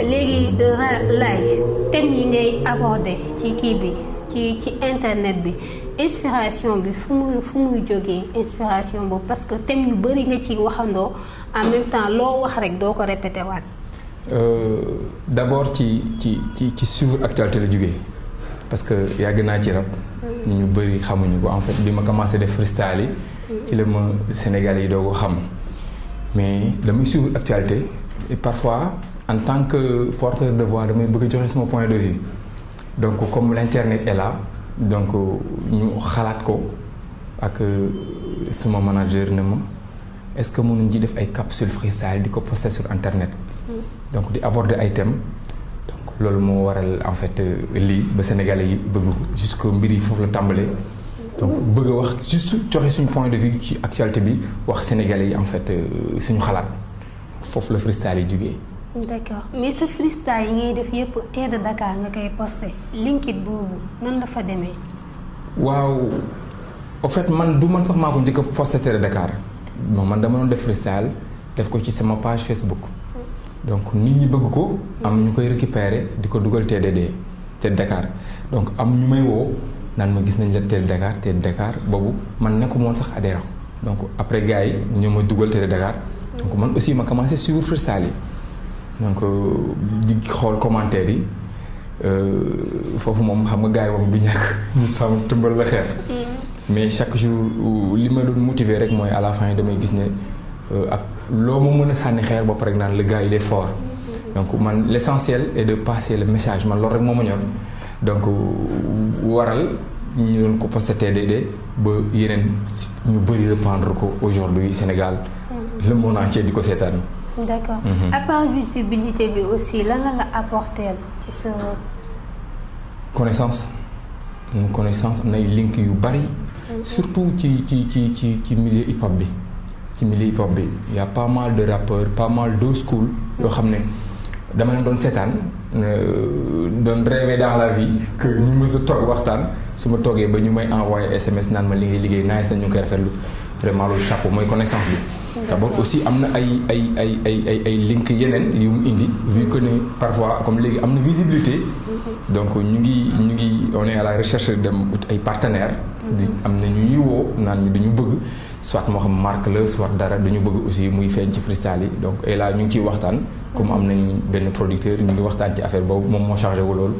léegi lay thème yi ngay abordé ci kii bi ci ci internet bi inspiration bi fu muy fu muy jógee inspiration boobu parce que thème yu bëri nga ci waxandoo en même temps loo wax rek doo ko répété waat. Euh, d'abord ci ci ci ci suivre actualité la jógee. parce que yàgg naa ci rap. ñu bëri xamuñu ko en fait bi ma commencé def freestyle yi. ci la ma Sénégal yi doo ko xam. mais damay suivre actualité et parfois en tant que porteur de voix damay bëgg joxe suma point de vue. donc comme l'internet est là donc ñu xalaat ko ak euh, sama manager ne ma est-ce que mënuñ ci def ay capsule freestyle di ko poster sur internet. Mm. donc di aborder ay thèmes. loolu moo waral en fait euh, lii ba Sénégalais yi bëgg ko jusque mbir yi foofu la tàmbalee donc bëgg a wax juste joxe suñu point de vue ci actualité bi wax Sénégalais yi en fait euh, suñu xalaat foofu la freestyle yi jógee. d'accord mais sa freestyle yi ngay def yëpp tee de Dakar nga linkit boobu nan la fa demee. waaw en fait man du man sax maa ko njëkk a posté tee de Dakar non man dama doon def freestyle def ko ci sama page Facebook. donc nit ñi bëgg ko. am ñu koy récupérer di ko dugal TDD TED Dakar donc am ñu may woo naan ma gis nañ la TED Dakar TED Dakar boobu man nekkuma woon sax adhérent donc après gars yi ñoo ma dugal TED Dakar. donc man aussi ma commencé suivre saal yi donc euh, di xool commentaire yi euh, foofu moom xam nga gars yi moom du ñàkk sama tëmbal la xeer. Mm. mais chaque jour li ma doon motiver rek mooy à la fin damay gis ne. Euh, ak loo ma mën a sànni xeer ba pare naan le gaa il est fort donc man l' et est de passer message man loolu rek moo ma ñor donc euh, waral ñu doon ko posté TDD ba yeneen ñu bëri reprendre ko aujourd'hui Sénégal mm. le monde entier di ko seetaan. d' accord mm-hmm. à visibilité bi aussi lan la apporté ci sa. connaissance connaissance am na link yu bëri. Mm-hmm. surtout ci ci ci ci ci milieu hip hop bi. ci milieu bi y' a pas mal de rappeurs pas mal d'old school yoo xam ne dama leen doon seetaan euh, doon rêver dans la vie que ñu mës a toog waxtaan su ma toogee ba ñu may envoyé SMS naan ma li ngay liggéey naa na ñu ngi koy rafetlu vraiment loolu chapeau mooy connaissance bi. d'abord aussi am na ay ay ay ay ay ay link yeneen yu mu indi vu que ne parfois comme léegi am na visibilité donc ñu ngi ñu ngi on est recherche dem ay partenaires di am na ñu ñuy woo naan ñu dañu bëgg soit moo xam marque la soit dara dañu bëgg aussi muy feeñ ci freestyle yi donc et ñu ngi ciy waxtaan comme am nañ benn producteur ñu ngi waxtaan ci affaire boobu moom moo chargé wu loolu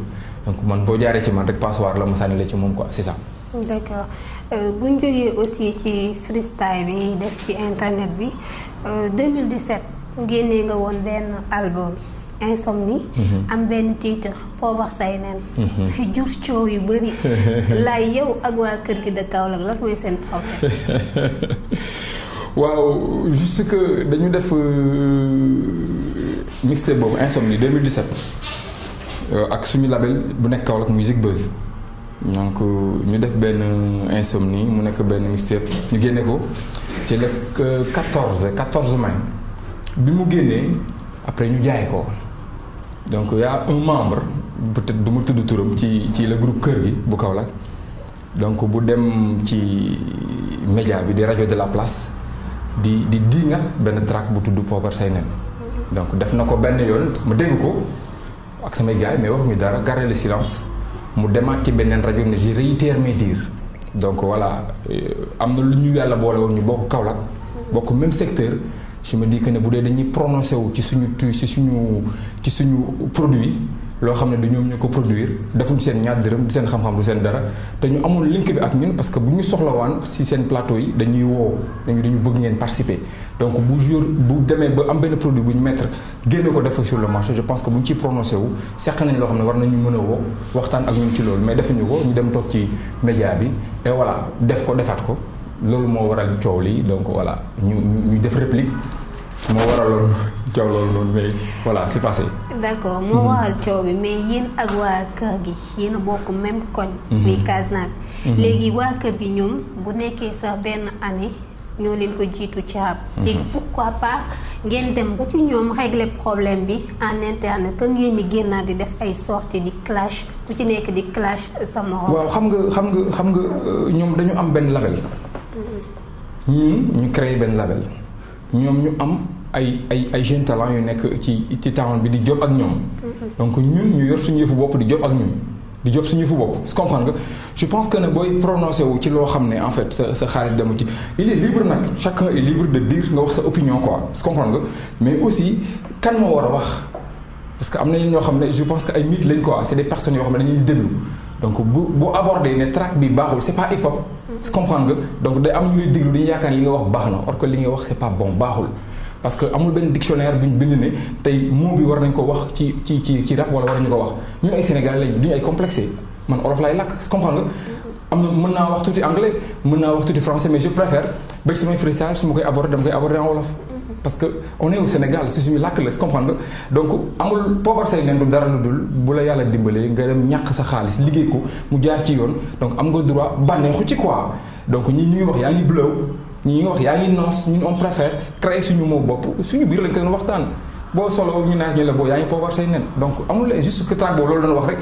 donc man boo jaaree ci man rek passoire la ma sànni la ci moom quoi c'est ça d'accord euh, bu ñu aussi ci freestyle bi def ci internet bi 2017 euh, génnee nga woon benn album insomnie. Mhm. am benn titre poobar say nen. fi jur coow yu bëri. laay yow ak waa kër gi de Kaolack lan mooy seen problème. waaw juste que dañu def euh, mixtape boobu insomnie 2017 ak suñu label bu nekk Kaolack musique buzz. donc ñu def benn insomnie mu nekk benn mixtape ñu génne ko ci le 14 euh, 14 mai bi mu génnee après ñu jaay ko donc y un membre peut-être du ma tudd turam ci ci la groupe kër gi bu Kaolack donc bu dem ci média bi di rajo de la place di di diingat benn track bu tudd Poobar say nen donc def na ko benn yoon ma dégg ko ak samay gars yi mais waxuñu dara garder le silence. mu demaat ci beneen rajo ne je réitère mes dires donc voilà euh, am na lu ñu yàlla boole woon ñu bokk Kaolack bokk même secteur je me dis que ne bu dee dañuy prononcé wu ci suñu tu ci suñu ci suñu produit loo xam ne du ñoom ñu ko produire defuñ seen ñaar dërëm du seen xam-xam du seen dara te ñu amul link bi ak ñun parce que bu ñu soxlawaan si seen plateau yi dañuy woo dañu dañu bëgg ngeen participer donc bu jour bu demee ba am benn produit bu ñu mettre génne ko def sur le marché je pense que bu ñu ciy prononcé wu seq nañ loo xam ne war nañu mën a woo waxtaan ak ñun ci loolu mais ñu ko ñu dem toog ci média bi et voilà def ko defaat ko loolu moo waral coow lii donc voilà ñu ñu def réplique moo waraloon coow loolu noonu mais voilà c'est d'accord moo mhm. waral coow bi mais yéen ak waa kër gi yéen a bokk même koñ mhm. muy Casamance mhm. léegi waa kër gi ñoom bu nekkee sax benn année ñoo leen ko jiitu caab léegi pourquoi pas ngeen dem ba ci ñoom régler problème bi en interne que ngeen di génnaat di def ay sorti di clash ku ci nekk di clash sa morom waaw xam nga xam nga xam nga euh, ñoom dañu am benn label ñun ñu créé benn label ñoom ñu am ay ay ay jeunes talents yu nekk ci ci taawon bi di job ak ñoom. donc ñun ñu yor suñu yëfu bopp di job ak ñun. di job suñu yëfu bopp tu comprends nga je pense que ne booy prononcé wu ci loo xam ne en fait sa sa xaalis demu ci il est libre nag de dire nga wax sa opinion quoi tu comprends nga mais aussi kan moo war a wax. parce que am ñoo xam ne je pense que ay nit lañ quoi c'est des personnes yoo xam ne dañuy déglu donc baaxul c'est pas hip hop. tu comprends day am ñu lay déglu dañuy yaakaar ne li nga wax baax na or que li nga wax c'est pas bon baaxul. parce que amul benn dictionnaire bu ñu bind ne tey mot bi war nañ ko wax ci ci ci ci rap wala war nañu ko wax ñun ay sénégalais lañ duñu ay complexé man olof laay làkk comprendre nga. am na mën naa wax tuuti anglais mën naa wax tuuti français mais je préfère ba samay freestyle su ma koy aborder dama koy aborder en wolof. parce que on est Sénégal su suñu làkk la comprendre nga donc amul poobar say nen du dara lu dul bu la yàlla dimbalee nga dem ñàkk sa xaalis liggéey ko mu jaar ci yoon donc am nga droit bànneexu ci quoi donc ñi wax yaa ñi ngi wax yaa ngi noos ñun on préfère créer suñu moo bopp suñu biir lañ ko doon waxtaan boo solo ñu naaj ñu la boo yaa la juste que wax rek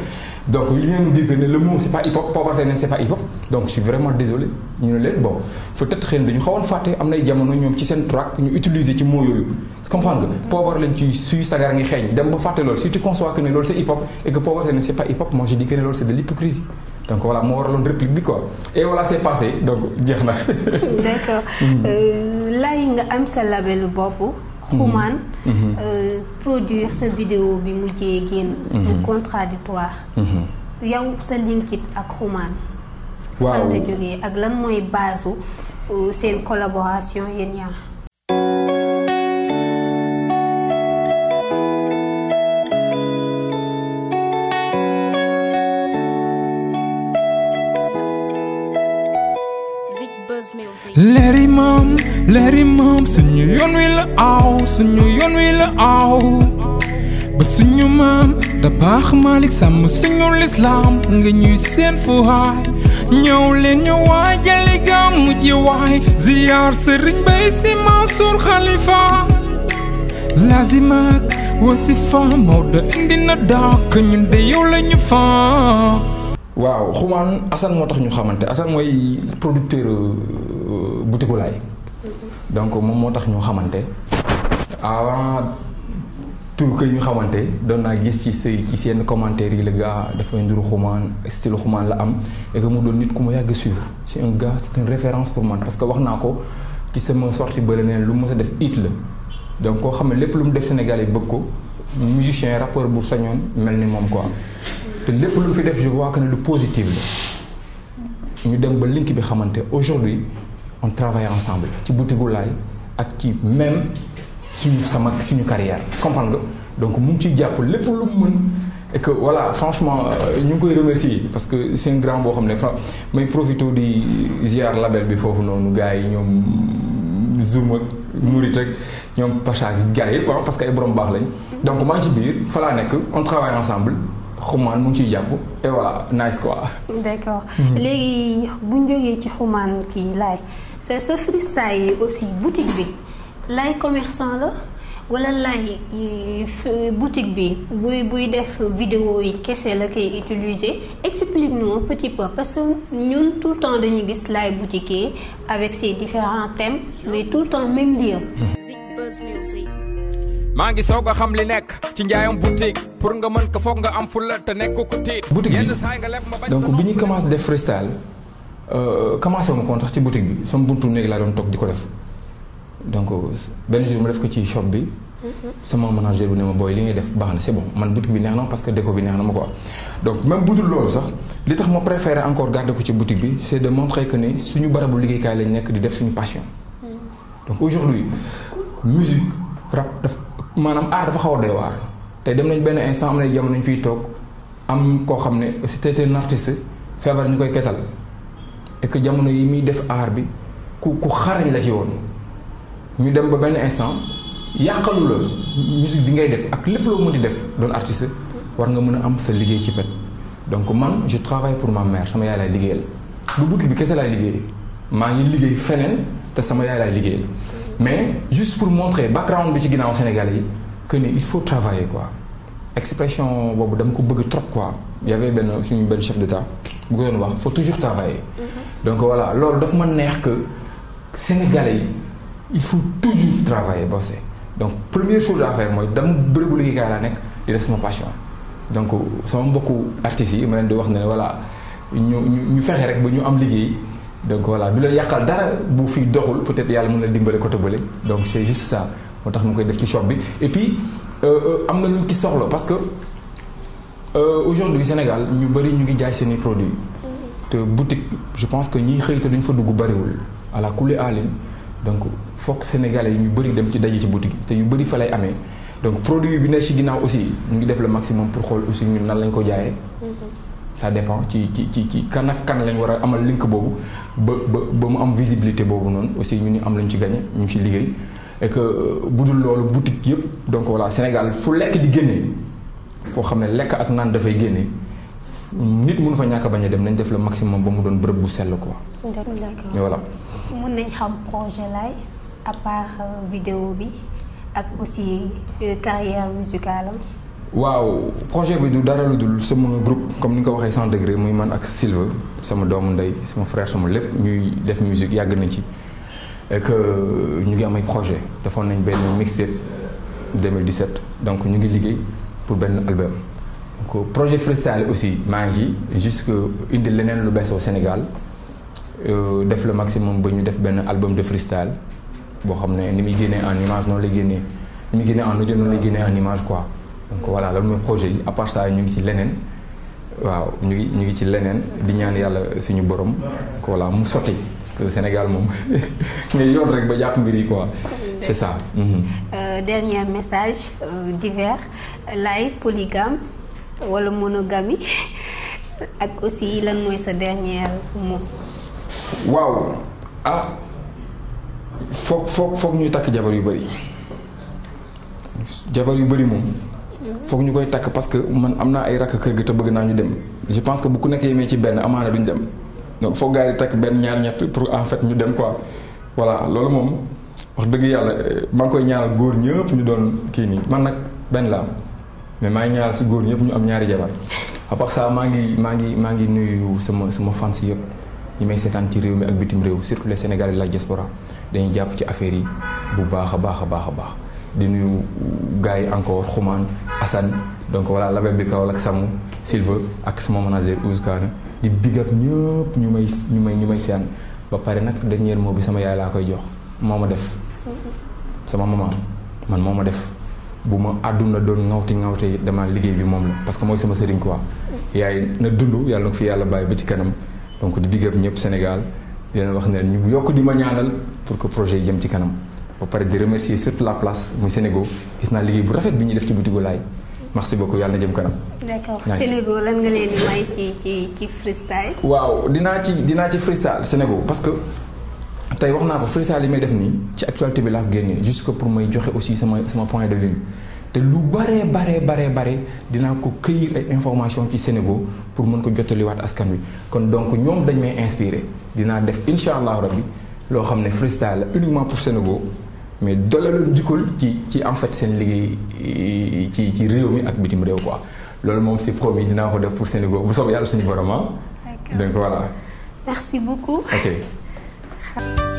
donc li ngeen di ne le mot c' est pas hip hop poobar say nen c' pas hip hop donc je suis désolé ñu ne leen bon peut être xëy na dañu xawoon fàtte am nay jamono ñoom ci seen track ñu utiliser ci mots yooyu comprendre nga poobar lañ ci suy sagar ngi xeeñ dem ba fàtte loolu si tu conçois que ne loolu c' hip hop et poobar say nen c' donc voilà moo waraloon réplique bi quoi et voilà c'est passé donc jeex na. d'accord mm-hmm. euh, lay nga am sa labelu bopp. xumaan. Mm-hmm. Mm-hmm. Euh, produire sa vidéo bi mujjee génn. mu contradictoire yow sa linkit ak xumaan. waaw fan jógee ak lan mooy baasu euh, seen collaboration yéen ñaar. léeri maam léeri maam suñu yoon wi la aw suñu yoon wi la aw ba suñu maam da baax Malick sàmm suñu lislaam nga ñuy seen fu haay ñëw leen ñu waajali gàmmu ji waay ziyaar sëriñ Bay Si Mansuur xalifa lazimaak wasifa Maodo indi na dàkk ñun de la ñu fa waaw xumaan assan moo tax ñu xamante assan mooy producteur euh, boutique laay donc moom moo tax ñu xamante avant tout que ñu xamante doon naa gis ci say ci seen commentaire yi la gars dafay nduru xumaan style xumaan la am et mu doon nit ku ma yàgg suivre c'est un gars c'est référence pour man parce que wax naa ko ci sama ba bële neen lu mu mës a def it la donc koo xam ne lépp lu mu def Sénégal yi bëgg ko musicien rappeur bu sañoon mel ni moom quoi te lépp lu mu fi def je vois que ne lu positif la ñu dem ba link bi xamante aujourd'hui on travaille ensemble ci butigu laay ak ci même suñu sama suñu carrière comprendre nga donc mu ngi ciy jàpp lépp lu mu mën et que franchement euh, ñu ngi koy remercier parce que seen un grand boo xam ne fa may profité di ziar label bi foofu noonu gars yi ñoom Zoum ak Mourit ak ñoom Pacha ak gars yëpp ah, parce que ay borom baax lañ donc maa ci biir falaa nekk on travaille ensemble xumaan mu ngi ciy jàpp et voilà nice quoi. d'accord mm-hmm. léegi bu ñu ci xumaan kii laay sa sa yi aussi boutique bi laay commerçant la wala laay boutique bi buy buy def vidéo yi kese la koy utiliser explique-nous un petit peu parce que ñun tout temps dañu gis lay boutiquier avec ses différents thèmes mais tout le temps même lieu. maa ngi soog a xam li nekk ci njaayam boutique pour nga mën ko foog nga am fulla te nekk ko tiit. boutique bi donc bi ñu commencé def freestyle euh, commencé wu ma koon sax ci boutique bi sama buntu néeg laa doon toog di ko def donc benn jour ko ci shop bi. sama manager bi ne ma booy li ngay def baax na c'est bon man boutique bi neex na parce que déco bi neex na ma ko am donc même budul loolu sax li tax ma préféré encore garder ko ci boutique bi c'est de montrer que ne suñu barabu liggéeykaay lañ nekk di def suñu passion. Mm. donc aujourd'hui musique rap daf maanaam aar dafa xaw a doy waar tey dem nañ benn instant am na jamono ñu fiy toog am koo xam ne te un artiste feebar ñu koy ketal et que jamono yi muy def aar bi ku ku xarañ la ci woon ñu dem ba benn instant yàqalu la musique bi ngay def ak lépp loo mënti def doon artiste war nga mën a am sa liggéey ci pet donc man je travaille pour ma mère sama yaay laay liggéeyal du boutique bi kese lay liggéey maa ngi liggéey feneen te sama yaay laay liggéeyal mais juste pour montrer background bi ci ginnaaw Sénégalais yi que ni il faut travailler quoi expression boobu dama ko bëgg trop quoi y avait benn suñu benn chef d'état bu ko doon wax faut toujours travailler. Mhm. donc voilà loolu dafa ma neex que Sénégalais yi il faut toujours travailler bosser donc première chose à faire mooy dama bërëbu liggéeykaay laa nekk di def sama passion donc sama mbokku artistes yi ma leen di wax ne voilà ñu ñu fexe rek bu ñu am liggéey. donc voilà du leen yàqal dara bu fi doxul peut-être yàlla mën na dimbale côté bële donc c'est juste ça moo tax mu koy def ci shop bi et puis euh, euh, am na lu ki soxla parce que euh, aujourd'hui Sénégal ñu bëri ñu ngi jaay seeni produit te boutique je pense que ñiy xëy te duñ fa dugg bëriwul ala kulli alim donc foog sénégalais yi ñu bëri dem ci daje ci boutique te yu bëri fa lay amee donc produit bi ne ci ginnaaw aussi ñu ngi def le maximum pour xool aussi ñun nan lañ ko jaayee. Mm-hmm. ça dépend ci ci ci ci kan ak kan lañ war a amal link boobu ba ba ba mu am visibilité boobu noonu aussi ñu ñu am lañ ci gagné ñu ngi ci liggéey et que euh, bu dul loolu boutique yëpp donc voilà Sénégal fu lekk di génnee foo xam ne lekk ak naan dafay génnee nit mënu fa ñàkk bañ a dem nañ def le maximum ba mu doon bërëb bu sell ko d'accord voilà. mën nañ xam projet lay à part euh, bi ak aussi euh, carrière musicale waaw projet bi du dara lu dul sama group comme ni nga ko waxee cent degré muy man ak Sylve sama doomu ndey suma frère sama lépp ñuy def musique yàgg nañ ci et que ñu ngi am ay projet defoon nañ benn mixtape 2017 donc ñu ngi liggéey pour benn album donc projet freestyle aussi maa ngi ci jusque indi leneen lu bees au Sénégal euh, def le maximum ba ñu def benn album de freestyle boo xam ne ni muy génnee en image noonu lay génnee ni muy génnee en audio noonu lay génnee en image donc voilà mooy projet yi à part ça ñu ngi ci leneen waaw ñu ngi ñu ngi ci leneen di ñaan yàlla suñu borom donc mu sotti parce que Sénégal moom ngay yoon rek ba jàpp mbir yi quoi c'est ça. Mhm. Euh, dernier message euh, divers lay polygame wala monogamie ah, foog foog ñu takk jabar yu bari jabar yu bari moom. foog ñu koy takk parce que man am na ay rakk kër gi te bëgg naa ñu dem je pense que bu ku nekk yemee ci benn amaana ñu dem donc foog gaa yi takk benn ñaar ñett pour en fait ñu dem quoi voilà loolu moom wax dëgg yàlla maa ngi koy ñaanal góor ñëpp ñu doon kii nii man nag benn la am mais maa ñaaral si góor ñëpp ñu am ñaari jabar à part maa ngi maa ngi maa ngi nuyu sama sama fans yëpp ñu may seetaan ci réew mi ak bitim réew surtout sénégal Sénégalais de la diaspora dañuy jàpp ci affaire yi bu baax a baax a baax a baax. di nuyu gars yi encore Xuman Assane donc voilà label bi Kaolack Samu Silva ak sama manager Ouskaana di big up ñëpp ñu may ñu may ñu may seen ba pare nag dernier mot bi sama yaay laa koy jox moo ma def. sama maman man moo ma def bu ma àdduna doon ŋawte ŋawte yi dama liggéey bi moom la parce que mooy sama sëriñ quoi. yaay na dund yàlla na ko fi yàlla bàyyi ba ci kanam donc di big up ñëpp Sénégal di wax ne ñu yokk di ma ñaanal pour que projet yi jëm ci kanam. ba pare di remercier surtout la place muy Sénégal gis naa liggéey bu rafet bi ñuy def ci butigu laay merci beaucoup yàlla na jëm kanam. d'accord lan nga leen di may ci ci ci freestyle. waaw dinaa ci dinaa ci freestyle Sénégal parce que tey wax naa ko freestyle yi may def nii ci actualité bi laa ko génnee jusque pour may joxe aussi sama sama point de vue. te lu bare baree baree bare dinaa ko cueillir ay information ci Sénégal pour mën ko jottaliwaat askan wi kon donc ñoom dañ may inspiré dinaa def incha allahu loo xam ne freestyle la uniquement mais dooleelum njukkal ci ci en fait seen liggéey ci ci réew mi ak bitim réew quoi loolu moom c'est promis dinaa ko def pour Sénégal bu soobee yàlla suñu borom ah. donc voilà. merci beaucoup. ok.